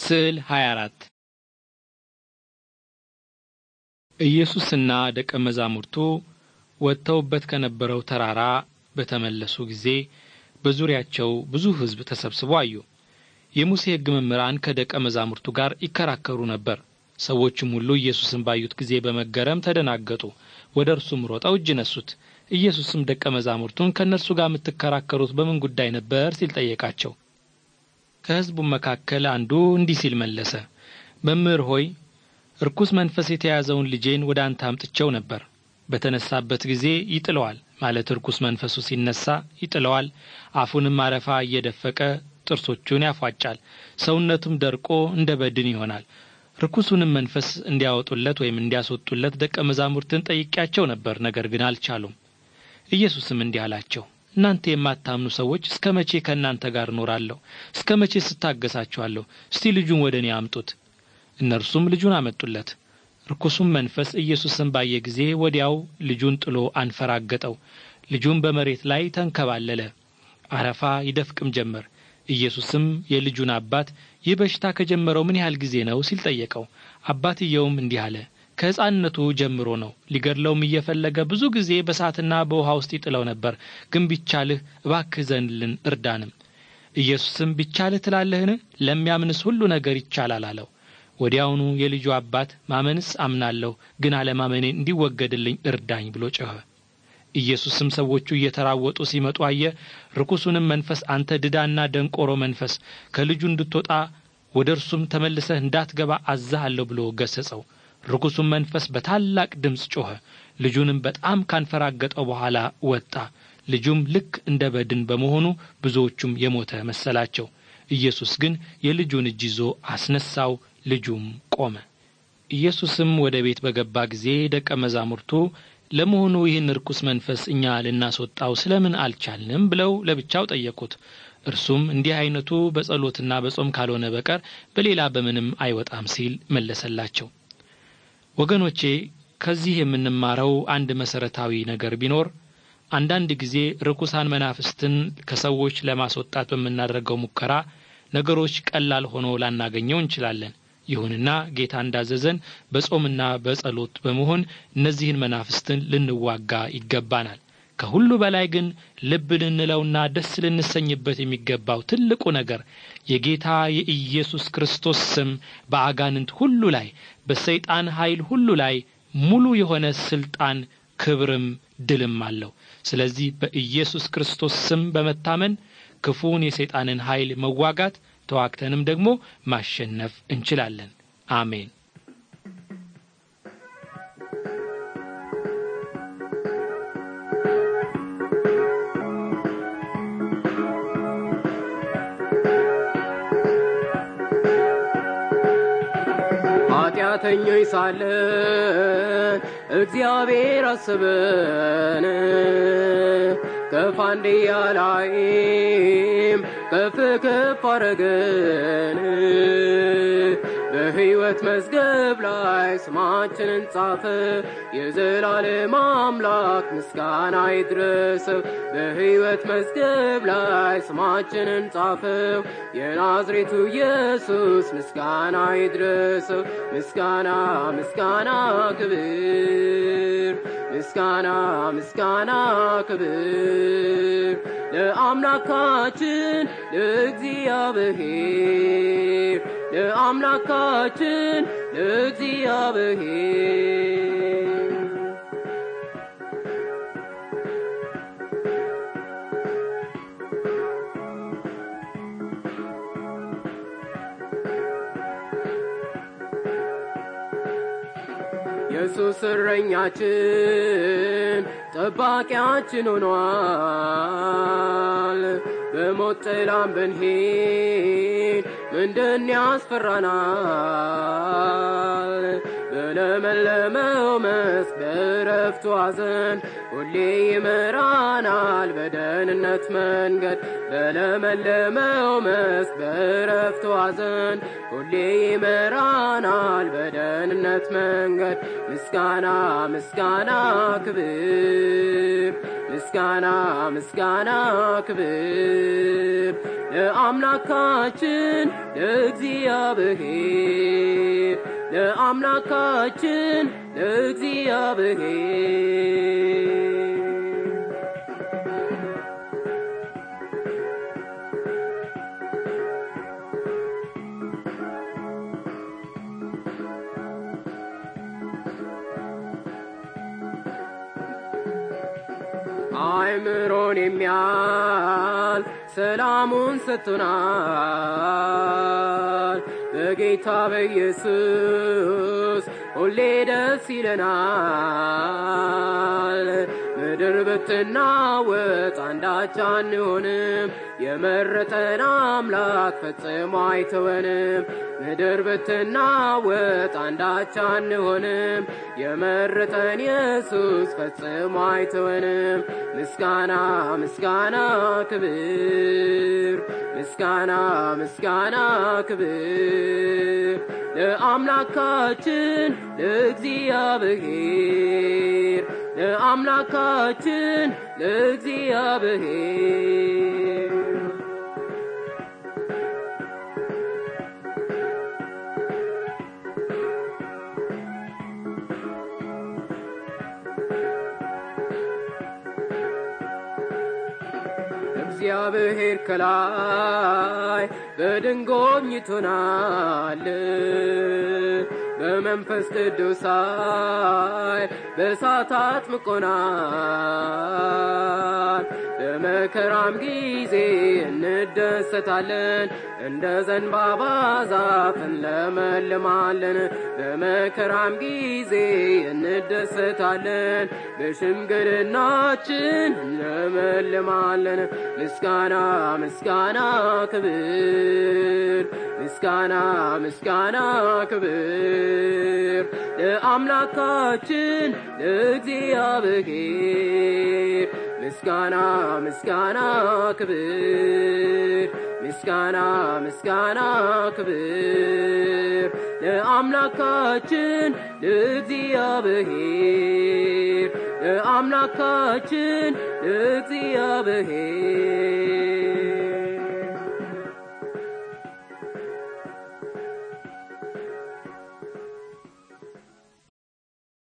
ስዕል 24 ኢየሱስና ደቀ መዛሙርቱ ወጥተውበት ከነበረው ተራራ በተመለሱ ጊዜ በዙሪያቸው ብዙ ሕዝብ ተሰብስቦ አዩ። የሙሴ ሕግ መምህራን ከደቀ መዛሙርቱ ጋር ይከራከሩ ነበር። ሰዎችም ሁሉ ኢየሱስን ባዩት ጊዜ በመገረም ተደናገጡ። ወደ እርሱም ሮጠው እጅ ነሱት። ኢየሱስም ደቀ መዛሙርቱን ከእነርሱ ጋር የምትከራከሩት በምን ጉዳይ ነበር ሲል ጠየቃቸው። ከህዝቡ መካከል አንዱ እንዲህ ሲል መለሰ፣ መምህር ሆይ እርኩስ መንፈስ የተያዘውን ልጄን ወደ አንተ አምጥቼው ነበር። በተነሳበት ጊዜ ይጥለዋል፣ ማለት እርኩስ መንፈሱ ሲነሳ ይጥለዋል። አፉንም አረፋ እየደፈቀ ጥርሶቹን ያፏጫል፣ ሰውነቱም ደርቆ እንደ በድን ይሆናል። ርኩሱንም መንፈስ እንዲያወጡለት ወይም እንዲያስወጡለት ደቀ መዛሙርትን ጠይቄያቸው ነበር፣ ነገር ግን አልቻሉም። ኢየሱስም እንዲህ አላቸው፣ እናንተ የማታምኑ ሰዎች እስከ መቼ ከእናንተ ጋር እኖራለሁ? እስከ መቼ ስታገሳችኋለሁ? እስቲ ልጁን ወደ እኔ አምጡት። እነርሱም ልጁን አመጡለት። ርኩሱም መንፈስ ኢየሱስን ባየ ጊዜ ወዲያው ልጁን ጥሎ አንፈራገጠው። ልጁም በመሬት ላይ ተንከባለለ፣ አረፋ ይደፍቅም ጀመር። ኢየሱስም የልጁን አባት ይህ በሽታ ከጀመረው ምን ያህል ጊዜ ነው ሲል ጠየቀው። አባትየውም እንዲህ አለ፣ ከሕፃንነቱ ጀምሮ ነው። ሊገድለውም እየፈለገ ብዙ ጊዜ በእሳትና በውሃ ውስጥ ይጥለው ነበር። ግን ቢቻልህ እባክህ ዘንልን እርዳንም። ኢየሱስም ቢቻልህ ትላለህን? ለሚያምንስ ሁሉ ነገር ይቻላል አለው። ወዲያውኑ የልጁ አባት ማመንስ አምናለሁ፣ ግን አለማመኔ እንዲወገድልኝ እርዳኝ ብሎ ጮኸ። ኢየሱስም ሰዎቹ እየተራወጡ ሲመጡ አየ። ርኩሱንም መንፈስ አንተ ድዳና ደንቆሮ መንፈስ ከልጁ እንድትወጣ ወደ እርሱም ተመልሰህ እንዳትገባ አዛሃለሁ ብሎ ገሰጸው። ርኩሱም መንፈስ በታላቅ ድምፅ ጮኸ፣ ልጁንም በጣም ካንፈራገጠው በኋላ ወጣ። ልጁም ልክ እንደ በድን በመሆኑ ብዙዎቹም የሞተ መሰላቸው። ኢየሱስ ግን የልጁን እጅ ይዞ አስነሳው፣ ልጁም ቆመ። ኢየሱስም ወደ ቤት በገባ ጊዜ ደቀ መዛሙርቱ ለመሆኑ ይህን ርኩስ መንፈስ እኛ ልናስወጣው ስለምን አልቻልንም? ብለው ለብቻው ጠየቁት። እርሱም እንዲህ አይነቱ በጸሎትና በጾም ካልሆነ በቀር በሌላ በምንም አይወጣም ሲል መለሰላቸው። ወገኖቼ ከዚህ የምንማረው አንድ መሰረታዊ ነገር ቢኖር አንዳንድ ጊዜ ርኩሳን መናፍስትን ከሰዎች ለማስወጣት በምናደርገው ሙከራ ነገሮች ቀላል ሆኖ ላናገኘው እንችላለን። ይሁንና ጌታ እንዳዘዘን በጾምና በጸሎት በመሆን እነዚህን መናፍስትን ልንዋጋ ይገባናል። ከሁሉ በላይ ግን ልብ ልንለውና ደስ ልንሰኝበት የሚገባው ትልቁ ነገር የጌታ የኢየሱስ ክርስቶስ ስም በአጋንንት ሁሉ ላይ በሰይጣን ኃይል ሁሉ ላይ ሙሉ የሆነ ስልጣን፣ ክብርም ድልም አለው። ስለዚህ በኢየሱስ ክርስቶስ ስም በመታመን ክፉውን የሰይጣንን ኃይል መዋጋት ተዋግተንም ደግሞ ማሸነፍ እንችላለን። አሜን። ኃጢአተኞች ሳለ እግዚአብሔር አስበን ከፍ አንድያ ላይም ከፍ ከፍ አረገን። በሕይወት መዝገብ ላይ ስማችንን ጻፈ። የዘላለም አምላክ ምስጋና ይድረስ። በሕይወት መዝገብ ላይ ስማችንን ጻፈው። የናዝሬቱ ኢየሱስ ምስጋና ይድረስ። ምስጋና ምስጋና ክብር ምስጋና ምስጋና ክብር ለአምላካችን ለእግዚአብሔር ለአምላካችን ለእግዚአብሔር ኢየሱስ እረኛችን ጠባቂያችን ሆኗል። በሞት ጥላም ብንሄድ ምንድን ያስፈራናል? በለመለመው መስክ በረፍቱ ሐዘን ሁሌ ይመራናል በደህንነት መንገድ በለመለመው መስክ በረፍቱ ሐዘን ሁሌ ይመራናል በደህንነት መንገድ ምስጋና ምስጋና ክብር ምስጋና ምስጋና ክብር ለአምላካችን ለእግዚአብሔር ለአምላካችን ለእግዚአብሔር አእምሮን የሚያል ሰላሙን ሰጥቶናል። በጌታ በኢየሱስ ሁሌ ደስ ይለናል። ምድር ብትናወጥ አንዳች አንሆንም። የመረጠን አምላክ ፈጽሞ አይተወንም። ምድር ብትናወጥ አንዳች አንሆንም። የመረጠን ኢየሱስ ፈጽሞ አይተወንም። ምስጋና ምስጋና ክብር ምስጋና ምስጋና ክብር ለአምላካችን ለእግዚአብሔር ለአምላካችን ለእግዚአብሔር እግዚአብሔር ከላይ በድንጎብኝቶናል በመንፈስ ቅዱስ ኃይል በእሳት አጥምቆናል። በመከራም ጊዜ እንደሰታለን፣ እንደ ዘንባባ ዛፍ እንለመልማለን። በመከራም ጊዜ እንደሰታለን፣ በሽምግልናችን እንለመልማለን። ምስጋና ምስጋና ክብር ምስጋና ምስጋና ክብር ለአምላካችን ለእግዚአብሔር ምስጋና ምስጋና ክብር ምስጋና ምስጋና ክብር ለአምላካችን ለእግዚአብሔር ለአምላካችን ለእግዚአብሔር